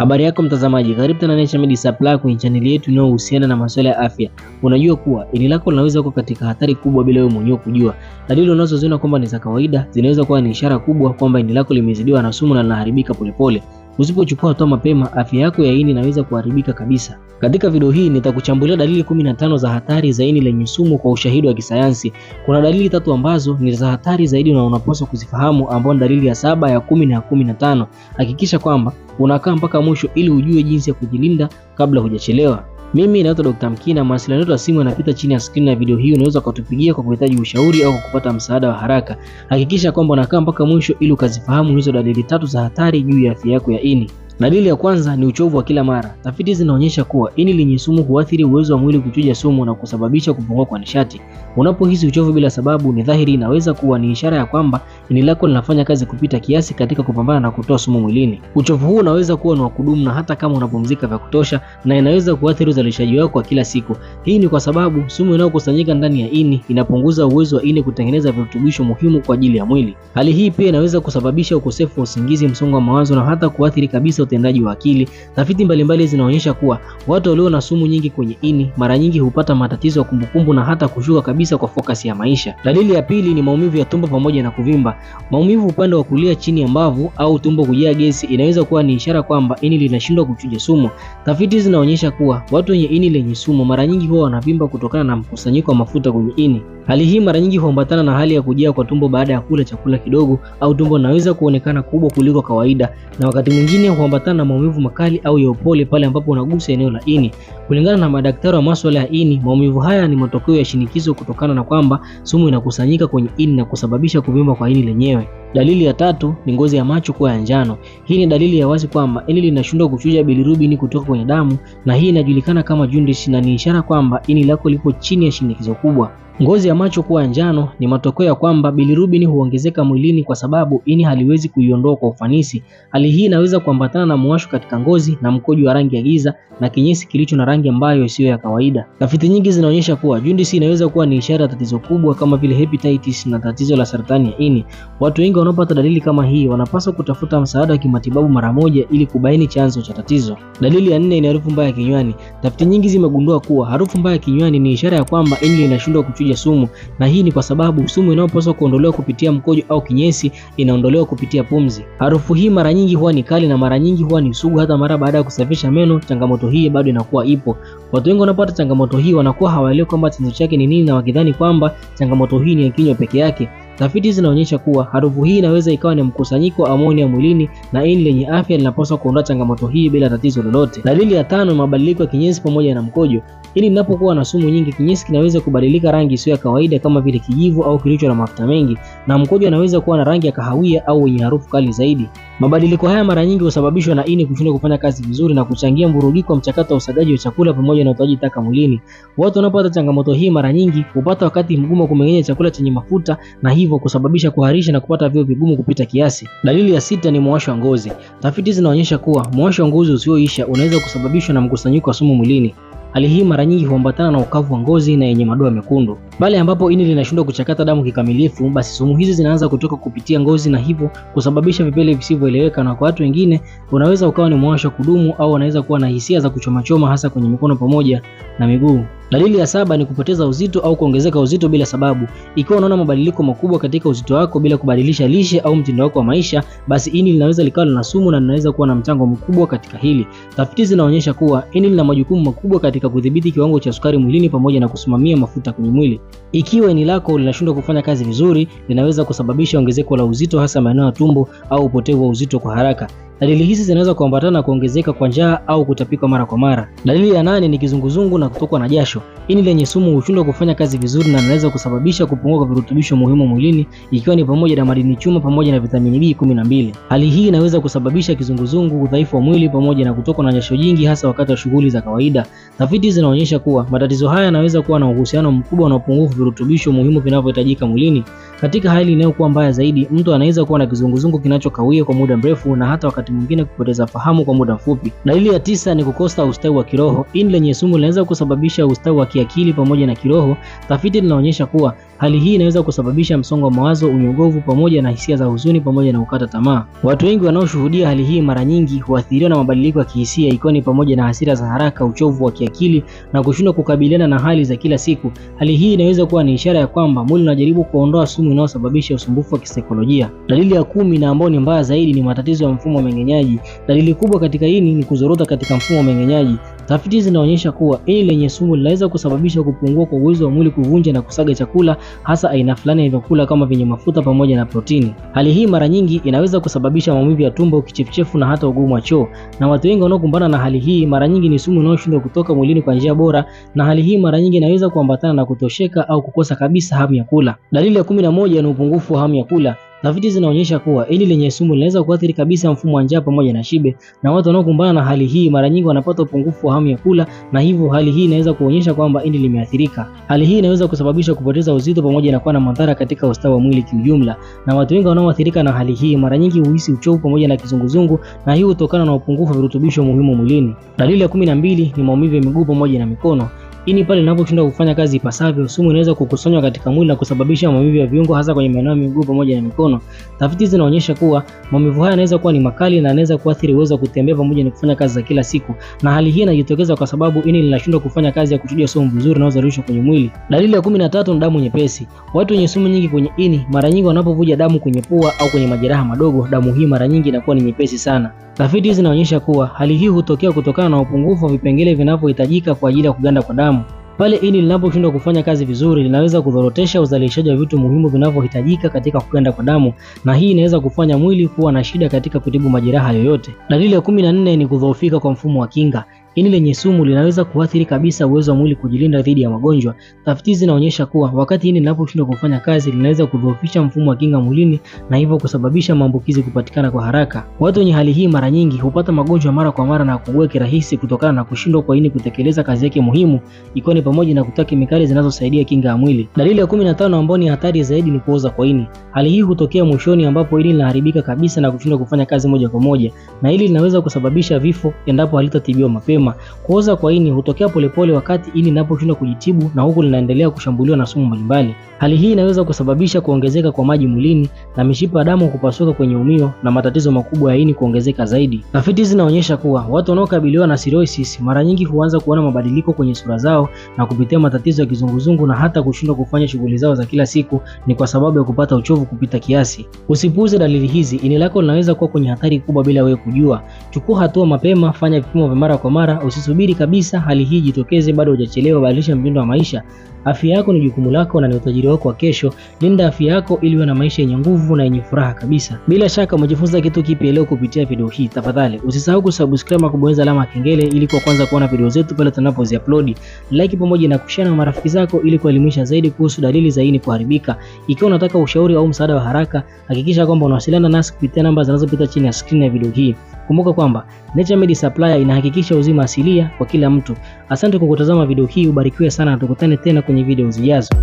Habari yako mtazamaji, karibu tena Naturemed Supply kwenye chaneli yetu inayohusiana na masuala ya afya. Unajua kuwa ini lako linaweza kuwa katika hatari kubwa bila wewe mwenyewe kujua. Dalili unazoziona kwamba ni za kawaida zinaweza kuwa ni ishara kubwa kwamba ini lako limezidiwa na sumu na linaharibika polepole. Usipochukua hatua mapema, afya yako ya ini inaweza kuharibika kabisa. Katika video hii nitakuchambulia dalili 15 za hatari za ini lenye sumu kwa ushahidi wa kisayansi. Kuna dalili tatu ambazo ni za hatari zaidi na unapaswa kuzifahamu, ambapo ni dalili ya saba, ya kumi na ya kumi na tano. Hakikisha kwamba unakaa mpaka mwisho ili ujue jinsi ya kujilinda kabla hujachelewa. Mimi naitwa Dr. Mkina. Mawasiliano yetu ya simu yanapita chini ya skrini ya video hii, unaweza kutupigia kwa kuhitaji ushauri au kwa kupata msaada wa haraka. Hakikisha kwamba unakaa mpaka mwisho ili ukazifahamu hizo dalili tatu za hatari juu ya afya yako ya ini. Dalili ya kwanza ni uchovu wa kila mara. Tafiti zinaonyesha kuwa ini lenye sumu huathiri uwezo wa mwili kuchuja sumu na kusababisha kupungua kwa nishati. Unapohisi uchovu bila sababu, ni dhahiri inaweza kuwa ni ishara ya kwamba ini lako linafanya kazi kupita kiasi katika kupambana na kutoa sumu mwilini. Uchovu huu unaweza kuwa ni wa kudumu na hata kama unapumzika vya kutosha, na inaweza kuathiri uzalishaji wako wa kila siku. Hii ni kwa sababu sumu inayokusanyika ndani ya ini inapunguza uwezo wa ini kutengeneza virutubisho muhimu kwa ajili ya mwili. Hali hii pia inaweza kusababisha ukosefu wa usingizi, msongo wa mawazo na hata kuathiri kabisa utendaji wa akili. Tafiti mbalimbali zinaonyesha kuwa watu walio na sumu nyingi kwenye ini mara nyingi hupata matatizo ya kumbukumbu na hata kushuka kabisa kwa fokasi ya maisha. Dalili ya pili ni maumivu ya tumbo pamoja na kuvimba. Maumivu upande wa kulia chini ya mbavu au tumbo kujaa gesi inaweza kuwa ni ishara kwamba ini linashindwa kuchuja sumu. Tafiti zinaonyesha kuwa watu wenye ini lenye sumu mara nyingi huwa wanavimba kutokana na mkusanyiko wa mafuta kwenye ini. Hali hii mara nyingi huambatana na hali ya kujaa kwa tumbo baada ya kula chakula kidogo au tumbo linaweza kuonekana kubwa kuliko kawaida na wakati mwingine huambatana kuambatana na maumivu makali au ya upole pale ambapo unagusa eneo la ini. Kulingana na madaktari wa masuala ya ini, maumivu haya ni matokeo ya shinikizo kutokana na kwamba sumu inakusanyika kwenye ini na kusababisha kuvimba kwa ini lenyewe. Dalili ya tatu ni ngozi ya macho kuwa ya njano. Hii ni dalili ya wazi kwamba ini linashindwa kuchuja bilirubin kutoka kwenye damu, na hii inajulikana kama jaundice na ni ishara kwamba ini lako lipo chini ya shinikizo kubwa. Ngozi ya macho kuwa njano ni matokeo ya kwamba bilirubini huongezeka mwilini kwa sababu ini haliwezi kuiondoa kwa ufanisi. Hali hii inaweza kuambatana na muwasho katika ngozi na mkojo wa rangi ya giza na kinyesi kilicho na rangi ambayo isiyo ya kawaida. Tafiti nyingi zinaonyesha kuwa jaundice inaweza kuwa ni ishara ya tatizo kubwa kama vile hepatitis na tatizo la saratani ya ini. Watu wengi wanaopata dalili kama hii wanapaswa kutafuta msaada wa kimatibabu mara moja ili kubaini chanzo cha tatizo. Dalili ya nne ni harufu mbaya kinywani. Tafiti nyingi zimegundua kuwa harufu mbaya kinywani ni ishara ya kwamba ini linashindwa kuchuja ya sumu, na hii ni kwa sababu sumu inayopaswa kuondolewa kupitia mkojo au kinyesi inaondolewa kupitia pumzi. Harufu hii mara nyingi huwa ni kali na mara nyingi huwa ni sugu, hata mara baada ya kusafisha meno, changamoto hii bado inakuwa ipo. Watu wengi wanapata changamoto hii wanakuwa hawaelewi kwamba chanzo chake ni nini, na wakidhani kwamba changamoto hii ni ya kinywa peke yake. Tafiti zinaonyesha kuwa harufu hii inaweza ikawa ni mkusanyiko wa amonia mwilini na ini lenye afya linapaswa kuondoa changamoto hii bila tatizo lolote. Dalili ya tano, mabadiliko ya kinyesi pamoja na mkojo. Ili linapokuwa na sumu nyingi, kinyesi kinaweza kubadilika rangi isiyo ya kawaida kama vile kijivu au kilicho na mafuta mengi, na mkojo anaweza kuwa na rangi ya kahawia au wenye harufu kali zaidi. Mabadiliko haya mara nyingi husababishwa na ini kushindwa kufanya kazi vizuri na kuchangia mvurugiko wa mchakato wa usagaji wa chakula pamoja na utoaji taka mwilini. Watu wanapopata changamoto hii mara nyingi hupata wakati mgumu wa kumeng'enya chakula chenye mafuta na hivyo kusababisha kuharisha na kupata vyoo vigumu kupita kiasi. Dalili ya sita ni mwasho wa ngozi. Tafiti zinaonyesha kuwa mwasho wa ngozi usioisha unaweza kusababishwa na mkusanyiko wa sumu mwilini. Hali hii mara nyingi huambatana na ukavu wa ngozi na yenye madoa mekundu. Pale ambapo ini linashindwa kuchakata damu kikamilifu, basi sumu hizi zinaanza kutoka kupitia ngozi na hivyo kusababisha vipele visivyoeleweka, na kwa watu wengine unaweza ukawa ni mwasho kudumu au wanaweza kuwa na hisia za kuchomachoma hasa kwenye mikono pamoja na miguu. Dalili ya saba ni kupoteza uzito au kuongezeka uzito bila sababu. Ikiwa unaona mabadiliko makubwa katika uzito wako bila kubadilisha lishe au mtindo wako wa maisha, basi ini linaweza likawa lina sumu na linaweza kuwa na mchango mkubwa katika hili. Tafiti zinaonyesha kuwa ini lina majukumu makubwa katika kudhibiti kiwango cha sukari mwilini pamoja na kusimamia mafuta kwenye mwili. Ikiwa ini lako linashindwa kufanya kazi vizuri, linaweza kusababisha ongezeko la uzito hasa maeneo ya tumbo au upotevu wa uzito kwa haraka. Dalili hizi zinaweza kuambatana na kuongezeka kwa njaa au kutapika mara kwa mara. Dalili ya nane ni kizunguzungu na kutokwa na jasho. Ini lenye sumu hushindwa kufanya kazi vizuri na inaweza kusababisha kupungua kwa virutubisho muhimu mwilini ikiwa ni pamoja na madini chuma pamoja na vitamini B12. Hali hii inaweza kusababisha kizunguzungu, udhaifu wa mwili pamoja na kutokwa na jasho jingi hasa wakati wa shughuli za kawaida. Tafiti zinaonyesha kuwa matatizo haya yanaweza kuwa na uhusiano mkubwa na upungufu virutubisho muhimu vinavyohitajika mwilini. Katika hali inayokuwa mbaya zaidi, mtu anaweza kuwa na kizunguzungu kinachokawia kwa muda mrefu na hata wakati mwingine kupoteza fahamu kwa muda mfupi. Dalili ya tisa ni kukosa ustawi wa kiroho. Ini lenye sumu linaweza kusababisha ustawi wa kiakili pamoja na kiroho. Tafiti linaonyesha kuwa Hali hii inaweza kusababisha msongo wa mawazo, unyogovu, pamoja na hisia za huzuni pamoja na kukata tamaa. Watu wengi wanaoshuhudia hali hii mara nyingi huathiriwa na mabadiliko ya kihisia, ikiwa ni pamoja na hasira za haraka, uchovu wa kiakili na kushindwa kukabiliana na hali za kila siku. Hali hii inaweza kuwa ni ishara ya kwamba mwili unajaribu kuondoa sumu inayosababisha usumbufu wa kisaikolojia. Dalili ya kumi na ambayo ni mbaya zaidi ni matatizo ya mfumo wa mmeng'enyaji. Dalili kubwa katika hii ni kuzorota katika mfumo wa mmeng'enyaji. Tafiti zinaonyesha kuwa ini lenye sumu linaweza kusababisha kupungua kwa uwezo wa mwili kuvunja na kusaga chakula, hasa aina fulani ya vyakula kama vyenye mafuta pamoja na protini. Hali hii mara nyingi inaweza kusababisha maumivu ya tumbo, kichefuchefu na hata ugumu wa choo, na watu wengi wanaokumbana na hali hii mara nyingi ni sumu inayoshindwa kutoka mwilini kwa njia bora, na hali hii mara nyingi inaweza kuambatana na kutosheka au kukosa kabisa hamu ya kula. Dalili ya kumi na moja ni upungufu wa hamu ya kula. Tafiti zinaonyesha kuwa ini lenye sumu linaweza kuathiri kabisa mfumo wa njaa pamoja na shibe, na watu wanaokumbana na hali hii mara nyingi wanapata upungufu wa hamu ya kula, na hivyo hali hii inaweza kuonyesha kwamba ini limeathirika. Hali hii inaweza kusababisha kupoteza uzito pamoja na kuwa na madhara katika ustawi wa mwili kiujumla, na watu wengi wanaoathirika na hali hii mara nyingi huhisi uchovu pamoja na kizunguzungu, na hii hutokana na upungufu wa virutubisho muhimu mwilini. Dalili ya kumi na mbili ni maumivu ya miguu pamoja na mikono. Hii ni pale inaposhindwa kufanya kazi ipasavyo, sumu inaweza kukusanywa katika mwili na kusababisha maumivu ya viungo hasa kwenye maeneo ya miguu pamoja na mikono. Tafiti zinaonyesha kuwa maumivu haya yanaweza kuwa ni makali na yanaweza kuathiri uwezo wa kutembea pamoja na kufanya kazi za kila siku. Na hali hii inajitokeza kwa sababu ini linashindwa kufanya kazi ya kuchuja sumu vizuri inayozalishwa kwenye mwili. Dalili ya 13 ni damu nyepesi. Watu wenye sumu nyingi kwenye ini mara nyingi wanapovuja damu kwenye pua au kwenye majeraha madogo, damu hii mara nyingi inakuwa ni nyepesi sana. Tafiti zinaonyesha kuwa hali hii hutokea kutokana na upungufu wa vipengele vinavyohitajika kwa ajili ya kuganda kwa damu binadamu. Pale ini linaposhindwa kufanya kazi vizuri, linaweza kudhorotesha uzalishaji wa vitu muhimu vinavyohitajika katika kuganda kwa damu, na hii inaweza kufanya mwili kuwa na shida katika kutibu majeraha yoyote. Dalili ya kumi na nne ni kudhoofika kwa mfumo wa kinga. Ini lenye sumu linaweza kuathiri kabisa uwezo wa mwili kujilinda dhidi ya magonjwa. Tafiti zinaonyesha kuwa wakati ini linaposhindwa kufanya kazi, linaweza kudhoofisha mfumo wa kinga mwilini na hivyo kusababisha maambukizi kupatikana kwa haraka. Watu wenye hali hii mara nyingi hupata magonjwa mara kwa mara na kuugua kirahisi kutokana na kushindwa kwa ini kutekeleza kazi yake muhimu, ikiwa ni pamoja na kutoa kemikali zinazosaidia kinga ya mwili. Dalili ya 15 ambayo ni hatari zaidi ni kuoza kwa ini. Hali hii hutokea mwishoni, ambapo ini linaharibika kabisa na kushindwa kufanya kazi moja kwa moja, na hili linaweza kusababisha vifo endapo halitatibiwa mapema mapema. Kuoza kwa ini hutokea polepole wakati ini linaposhindwa kujitibu na huku linaendelea kushambuliwa na sumu mbalimbali. Hali hii inaweza kusababisha kuongezeka kwa maji mwilini na mishipa ya damu kupasuka kwenye umio na matatizo makubwa ya ini kuongezeka zaidi. Tafiti zinaonyesha kuwa watu wanaokabiliwa na cirrhosis mara nyingi huanza kuona mabadiliko kwenye sura zao na kupitia matatizo ya kizunguzungu na hata kushindwa kufanya shughuli zao za kila siku ni kwa sababu ya kupata uchovu kupita kiasi. Usipuuze dalili hizi, ini lako linaweza kuwa kwenye hatari kubwa bila wewe kujua. Chukua hatua mapema, fanya vipimo vya mara kwa mara biashara, usisubiri kabisa hali hii jitokeze, bado hujachelewa. Badilisha mtindo wa maisha. Afya yako ni jukumu lako na ni utajiri wako wa kesho. Linda afya yako ili uwe na maisha yenye nguvu na yenye furaha kabisa. Bila shaka umejifunza kitu kipya leo kupitia video hii. Tafadhali usisahau kusubscribe na kubonyeza alama ya kengele ili kwa kwanza kuona video zetu pale tunapozi upload. Like pamoja na kushare na marafiki zako ili kuelimisha zaidi kuhusu dalili za ini kuharibika. Ikiwa unataka ushauri au msaada wa haraka, hakikisha kwamba unawasiliana nasi kupitia namba zinazopita chini ya screen ya video hii. Kumbuka kwamba Naturemed Supplier inahakikisha uzima asilia kwa kila mtu. Asante kwa kutazama video hii, ubarikiwe sana na tukutane tena kwenye video zijazo.